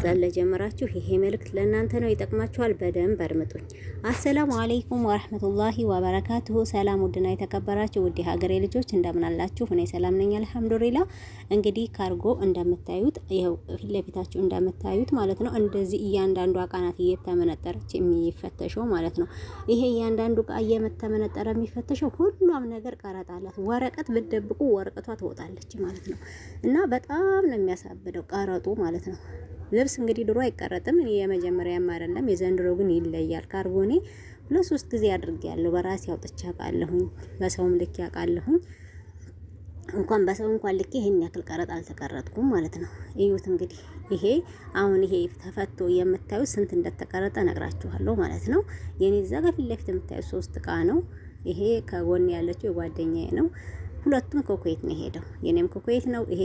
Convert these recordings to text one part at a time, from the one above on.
ዛን ለጀመራችሁ ይሄ መልእክት ለእናንተ ነው፣ ይጠቅማችኋል። በደንብ አድምጡኝ። አሰላሙ አለይኩም ወራህመቱላሂ ወበረካቱሁ። ሰላም ውድና የተከበራችሁ ውድ ሀገሬ ልጆች እንደምናላችሁ፣ እኔ ሰላም ነኝ አልሐምዱሊላ። እንግዲህ ካርጎ እንደምታዩት ይኸው ፊት ለፊታችሁ እንደምታዩት ማለት ነው። እንደዚህ እያንዳንዱ ቃናት እየተመነጠረች የሚፈተሸው ማለት ነው። ይሄ እያንዳንዱ እቃ እየተመነጠረ የሚፈተሸው ሁሉም ነገር ቀረጥ አላት። ወረቀት ብትደብቁ ወረቀቷ ትወጣለች ማለት ነው። እና በጣም ነው የሚያሳብደው ቀረጡ ማለት ነው። ልብስ እንግዲህ ድሮ አይቀረጥም። የመጀመሪያም አይደለም፣ የዘንድሮ ግን ይለያል። ካርቦኔ ሁለት ሶስት ጊዜ አድርጌያለሁ። በራሴ አውጥቼ አውቃለሁኝ፣ በሰውም ልክ አውቃለሁኝ። እንኳን በሰው እንኳን ልኬ ይሄን ያክል ቀረጥ አልተቀረጥኩም ማለት ነው። እዩት እንግዲህ ይሄ አሁን ይሄ ተፈቶ የምታዩት ስንት እንደተቀረጠ ነግራችኋለሁ ማለት ነው። የኔ እዛ ጋር ፊት ለፊት የምታዩት ሶስት እቃ ነው። ይሄ ከጎን ያለችው የጓደኛዬ ነው። ሁለቱም ከኩዌት ነው የሄደው። የኔም ከኩዌት ነው ይሄ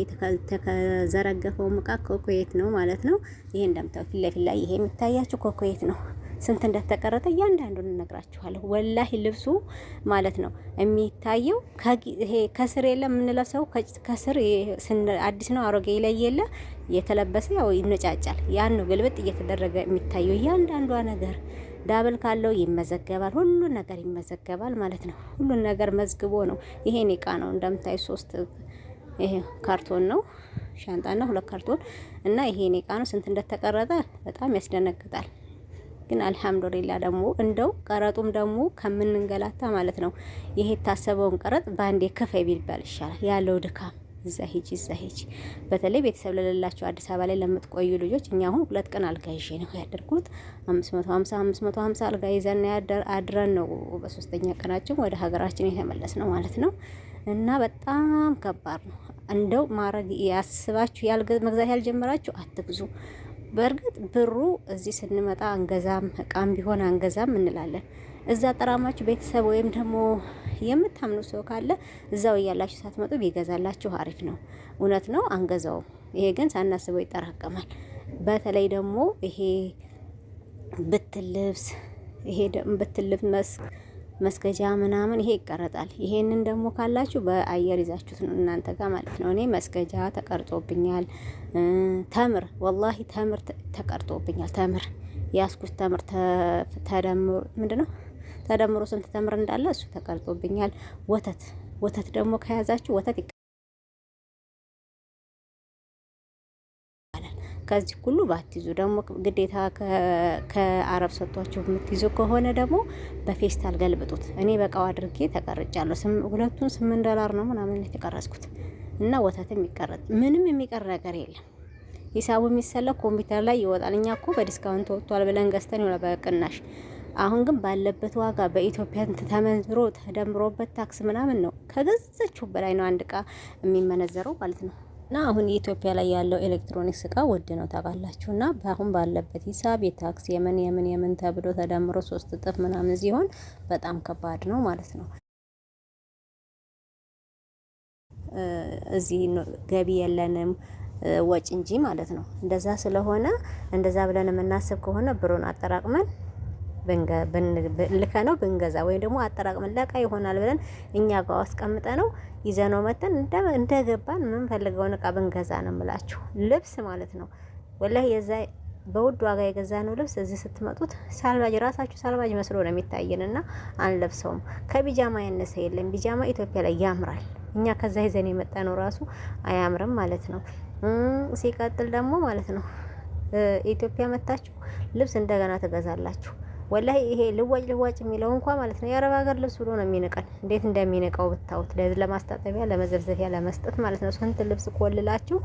ተከዘረገፈው እቃ ከኩዌት ነው ማለት ነው። ይሄ እንደምታው ፊት ለፊት ላይ ይሄ የሚታያችሁ ከኩዌት ነው። ስንት እንደተቀረጠ እያንዳንዱን እነግራችኋለሁ። ወላሂ ልብሱ ማለት ነው የሚታየው ይሄ ከስር የለ የምንለብሰው ከስር አዲስ ነው አሮጌ ላይ የለ የተለበሰ ያው ይነጫጫል። ያን ነው ግልብጥ እየተደረገ የሚታየው እያንዳንዷ ነገር ዳብል ካለው ይመዘገባል፣ ሁሉ ነገር ይመዘገባል ማለት ነው። ሁሉን ነገር መዝግቦ ነው። ይሄን እቃ ነው እንደምታይ ሶስት ይሄ ካርቶን ነው ነው ሁለት ካርቶን እና ይሄን እቃ ነው። ስንት እንደተቀረጠ በጣም ያስደነግጣል። ግን አልሐምዱሊላ ደግሞ እንደው ቀረጡም ደግሞ ከምንንገላታ ማለት ነው ይሄ የታሰበውን ቀረጥ በአንዴ ከፈይ ቢባል ይሻላል ያለው ድካም እዛ ሂጂ፣ እዛ ሂጂ። በተለይ ቤተሰብ ለሌላቸው አዲስ አበባ ላይ ለምትቆዩ ልጆች እኛ አሁን ሁለት ቀን አልጋ ይዤ ነው ያደርኩት። አምስት መቶ ሀምሳ አምስት መቶ ሀምሳ አልጋ ይዘን አድረን ነው በሶስተኛ ቀናችን ወደ ሀገራችን የተመለስ ነው ማለት ነው። እና በጣም ከባድ ነው። እንደው ማረግ ያስባችሁ መግዛት ያልጀመራችሁ አትግዙ። በእርግጥ ብሩ እዚህ ስንመጣ አንገዛም፣ እቃም ቢሆን አንገዛም እንላለን። እዛ ጠራማችሁ ቤተሰብ ወይም ደግሞ የምታምኑ ሰው ካለ እዛው እያላችሁ ሳትመጡ ቢገዛላችሁ አሪፍ ነው። እውነት ነው፣ አንገዛውም። ይሄ ግን ሳናስበው ይጠራቀማል። በተለይ ደግሞ ይሄ ብትን ልብስ ይሄ ብትን ልብስ መስክ መስገጃ ምናምን ይሄ ይቀረጣል። ይሄንን ደግሞ ካላችሁ በአየር ይዛችሁት ነው እናንተ ጋር ማለት ነው። እኔ መስገጃ ተቀርጦብኛል። ተምር ወላሂ ተምር ተቀርጦብኛል። ተምር ያስኩት ተምር ተደምሮ ምንድነው ተደምሮ ስንት ተምር እንዳለ እሱ ተቀርጾብኛል። ወተት ወተት ደግሞ ከያዛችሁ ወተት ከዚህ ሁሉ ባትይዙ ደግሞ ግዴታ ከአረብ ሰጥቷችሁ የምትይዙ ከሆነ ደግሞ በፌስታል ገልብጡት። እኔ በቃው አድርጌ ተቀርጫለሁ። ሁለቱን ስምንት ዶላር ነው ምናምን የተቀረጽኩት እና ወተትም ይቀረጥ ምንም የሚቀር ነገር የለም። ሂሳቡ የሚሰለው ኮምፒውተር ላይ ይወጣል። እኛ እኮ በዲስካውንት ወጥቷል ብለን ገዝተን ይሆናል በቅናሽ አሁን ግን ባለበት ዋጋ በኢትዮጵያ ተመንዝሮ ተደምሮበት ታክስ ምናምን ነው ከገዘችው በላይ ነው አንድ እቃ የሚመነዘረው ማለት ነው። እና አሁን የኢትዮጵያ ላይ ያለው ኤሌክትሮኒክስ እቃ ውድ ነው ታውቃላችሁ። እና አሁን ባለበት ሂሳብ የታክስ የምን የምን የምን ተብሎ ተደምሮ ሶስት እጥፍ ምናምን ሲሆን በጣም ከባድ ነው ማለት ነው። እዚህ ገቢ የለንም ወጭ እንጂ ማለት ነው። እንደዛ ስለሆነ እንደዛ ብለን የምናስብ ከሆነ ብሩን አጠራቅመን ልከ ነው ብንገዛ ወይም ደግሞ አጠራቅመን ለቃ ይሆናል ብለን እኛ ጋር አስቀምጠ ነው ይዘነው መተን እንደገባን የምንፈልገውን እቃ ብንገዛ ነው የምላችሁ። ልብስ ማለት ነው ወላሂ የዛ በውድ ዋጋ የገዛነው ልብስ እዚህ ስትመጡት ሳልባጅ ራሳችሁ ሳልባጅ መስሎ ነው የሚታየን እና አንለብሰውም። ከቢጃማ ያነሰ የለም። ቢጃማ ኢትዮጵያ ላይ ያምራል። እኛ ከዛ ይዘን የመጣ ነው ራሱ አያምርም ማለት ነው። ሲቀጥል ደግሞ ማለት ነው ኢትዮጵያ መታችሁ ልብስ እንደገና ትገዛላችሁ። ወላሂ ይሄ ልዋጭ ልዋጭ የሚለው እንኳ ማለት ነው የአረብ ሀገር ልብስ ብሎ ነው የሚንቀን። እንዴት እንደሚንቀው ብታዩት፣ ለማስታጠቢያ ለመዘብዘፊያ ለመስጠት ማለት ነው ስንት ልብስ ኮልላችሁ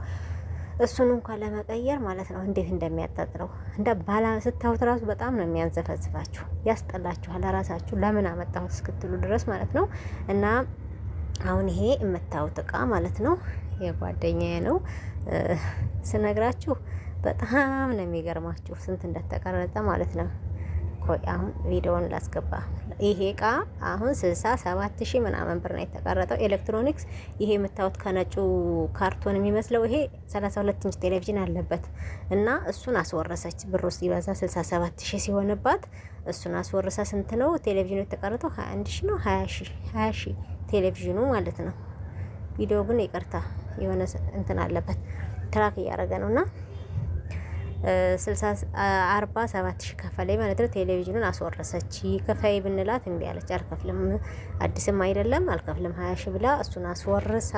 እሱን እንኳ ለመቀየር ማለት ነው እንዴት እንደሚያጣጥለው እንደ ባላ ስታዩት ራሱ በጣም ነው የሚያንዘፈዝፋችሁ፣ ያስጠላችኋል። ራሳችሁ ለምን አመጣሁት እስክትሉ ድረስ ማለት ነው። እና አሁን ይሄ የምታዩት እቃ ማለት ነው የጓደኛዬ ነው ስነግራችሁ በጣም ነው የሚገርማችሁ ስንት እንደተቀረጸ ማለት ነው። ቆይ ቪዲዮውን ላስገባ። ይሄ ቃ አሁን 67 ሺህ ምናምን ብር ነው የተቀረጠው። ኤሌክትሮኒክስ ይሄ የምታዩት ከነጩ ካርቶን የሚመስለው ይሄ 32 ኢንች ቴሌቪዥን አለበት እና እሱን አስወረሰች። ብር ውስጥ ይበዛ 67 ሺ ሲሆንባት እሱን አስወረሰ። ስንት ነው ቴሌቪዥኑ የተቀረጠው? 21 ሺ ነው። 20 ሺ 20 ሺህ ቴሌቪዥኑ ማለት ነው። ቪዲዮ ግን ይቅርታ የሆነ እንትን አለበት ትራክ እያደረገ ነው እና አርባ ሰባት ሺ ከፈለኝ ማለት ነው። ቴሌቪዥኑን አስወረሰች። ከፋይ ብንላት እምቢ አለች። አልከፍልም፣ አዲስም አይደለም አልከፍልም ሀያ ሺ ብላ እሱን አስወርሳ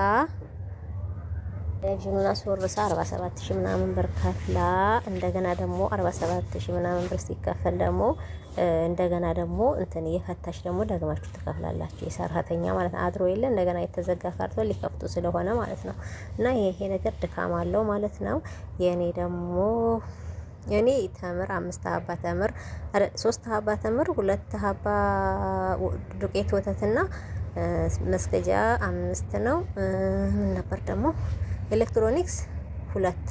ረዥሙን አስወርሳ 47 ሺህ ምናምን ብር ከፍላ እንደገና ደግሞ 47 ሺህ ምናምን ብር ሲከፈል ደግሞ እንደገና ደግሞ እንትን እየፈታሽ ደግሞ ደግማችሁ ትከፍላላችሁ። የሰራተኛ ማለት አድሮ የለ እንደገና የተዘጋ ካርቶን ሊከፍቱ ስለሆነ ማለት ነው። እና ይሄ ነገር ድካም አለው ማለት ነው። የእኔ ደግሞ እኔ ተምር አምስት ሀባ ተምር ሶስት ሀባ ተምር ሁለት ሀባ ዱቄት ወተትና መስገጃ አምስት ነው። ምን ነበር ደግሞ ኤሌክትሮኒክስ ሁለት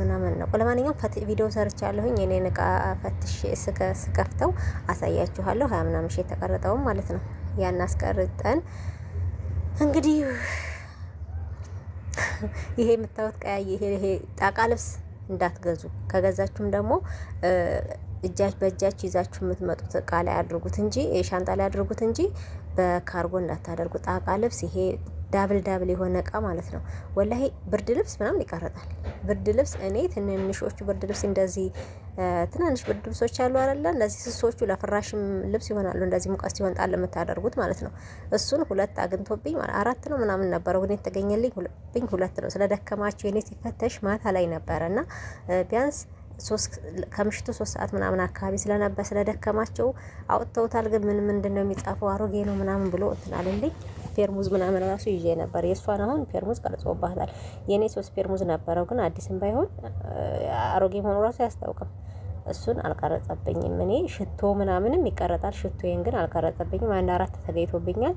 ምናምን ነው። ለማንኛውም ቪዲዮ ሰርች ያለሁኝ የኔን እቃ ፈትሽ ስከፍተው አሳያችኋለሁ። ሀያ ምናምን ሺ የተቀረጠውም ማለት ነው። ያን አስቀርጠን እንግዲህ ይሄ የምታዩት ቀያይ ይሄ ጣቃ ልብስ እንዳትገዙ። ከገዛችሁም ደግሞ እጃች በእጃች ይዛችሁ የምትመጡት እቃ ላይ አድርጉት እንጂ ሻንጣ ላይ አድርጉት እንጂ በካርጎ እንዳታደርጉ። ጣቃ ልብስ ይሄ ዳብል ዳብል የሆነ እቃ ማለት ነው። ወላሂ ብርድ ልብስ ምናምን ይቀረጣል ብርድ ልብስ እኔ ትንንሾቹ ብርድ ልብስ እንደዚህ ትናንሽ ብርድ ልብሶች አሉ አይደለ? እንደዚህ ስሶቹ ለፍራሽም ልብስ ይሆናሉ። እንደዚህ ሙቀት ሲሆን ጣል የምታደርጉት ማለት ነው። እሱን ሁለት አግኝቶብኝ አራት ነው ምናምን ነበረው፣ ግን የተገኘልኝ ብኝ ሁለት ነው። ስለደከማቸው የኔ ሲፈተሽ ማታ ላይ ነበረ እና ቢያንስ ከምሽቱ ሶስት ሰዓት ምናምን አካባቢ ስለነበር ስለደከማቸው አውጥተውታል። ግን ምን ምንድን ነው የሚጻፈው አሮጌ ነው ምናምን ብሎ እንትን አለልኝ። ፌርሙዝ ምናምን ራሱ ይዤ ነበር። የእሷን አሁን ፌርሙዝ ቀርጾባታል። የእኔ ሶስት ፌርሙዝ ነበረው፣ ግን አዲስም ባይሆን አሮጌ መሆኑ ራሱ አያስታውቅም። እሱን አልቀረጸብኝም። እኔ ሽቶ ምናምንም ይቀረጣል። ሽቶዬን ግን አልቀረጸብኝም። አንድ አራት ተገይቶብኛል።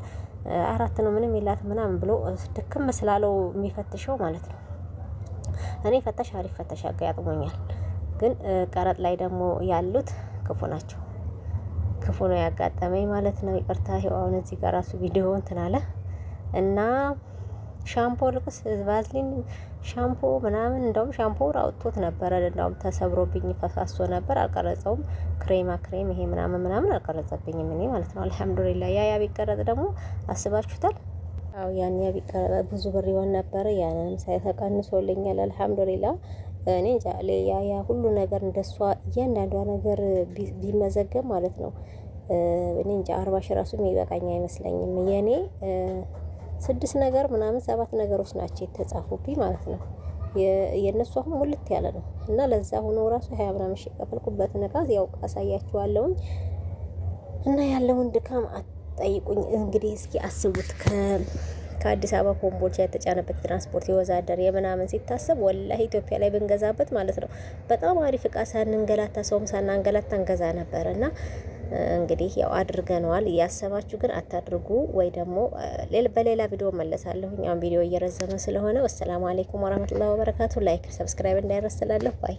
አራት ነው ምንም የላት ምናምን ብሎ ድክም ስላለው የሚፈትሸው ማለት ነው። እኔ ፈታሽ አሪፍ ፈታሽ አጋጥሞኛል። ግን ቀረጥ ላይ ደግሞ ያሉት ክፉ ናቸው። ክፉ ነው ያጋጠመኝ ማለት ነው። ይቅርታ አሁን እዚህ ጋር ራሱ ቪዲዮ እንትን አለ እና ሻምፖ ልቅስ ቫዝሊን ሻምፖ ምናምን እንደውም ሻምፖ አውጥቶት ነበረ። እንደውም ተሰብሮብኝ ፈሳሶ ነበር አልቀረጸውም። ክሬማ ክሬም ይሄ ምናምን ምናምን አልቀረጸብኝም እኔ ማለት ነው። አልሐምዱሊላ ያ ያ ቢቀረጽ ደግሞ አስባችሁታል? አው ያን ያ ቢቀረጽ ብዙ ብር ይሆን ነበር። ያንንም ሳይተቀንሶልኛል አልሐምዱሊላ እኔ ያ ያ ሁሉ ነገር እንደሷ እያንዳንዷ ነገር ቢመዘገብ ማለት ነው። እኔ እንጃ አርባ ሺህ ራሱ የሚበቃኝ አይመስለኝም። የኔ ስድስት ነገር ምናምን ሰባት ነገሮች ናቸው የተጻፉብኝ ማለት ነው። የእነሱ አሁን ሙልት ያለ ነው እና ለዛ ሆኖ ራሱ ሀያ ምናምን ሺህ የከፈልኩበትን እቃ ያው አሳያችኋለሁኝ እና ያለውን ድካም አትጠይቁኝ። እንግዲህ እስኪ አስቡት ከ ከአዲስ አበባ ኮምቦልቻ የተጫነበት ትራንስፖርት የወዛደር የምናምን ሲታሰብ ወላሂ ኢትዮጵያ ላይ ብንገዛበት ማለት ነው በጣም አሪፍ እቃ ሳንንገላታ ሰውም ሳናንገላታ እንገዛ ነበር እና እንግዲህ ያው አድርገነዋል። እያሰባችሁ ግን አታድርጉ። ወይ ደግሞ በሌላ ቪዲዮ መለሳለሁ። እኛም ቪዲዮ እየረዘመ ስለሆነ ወሰላሙ አሌይኩም ወረመቱላ ወበረካቱ። ላይክ ሰብስክራይብ እንዳይረስላለሁ ባይ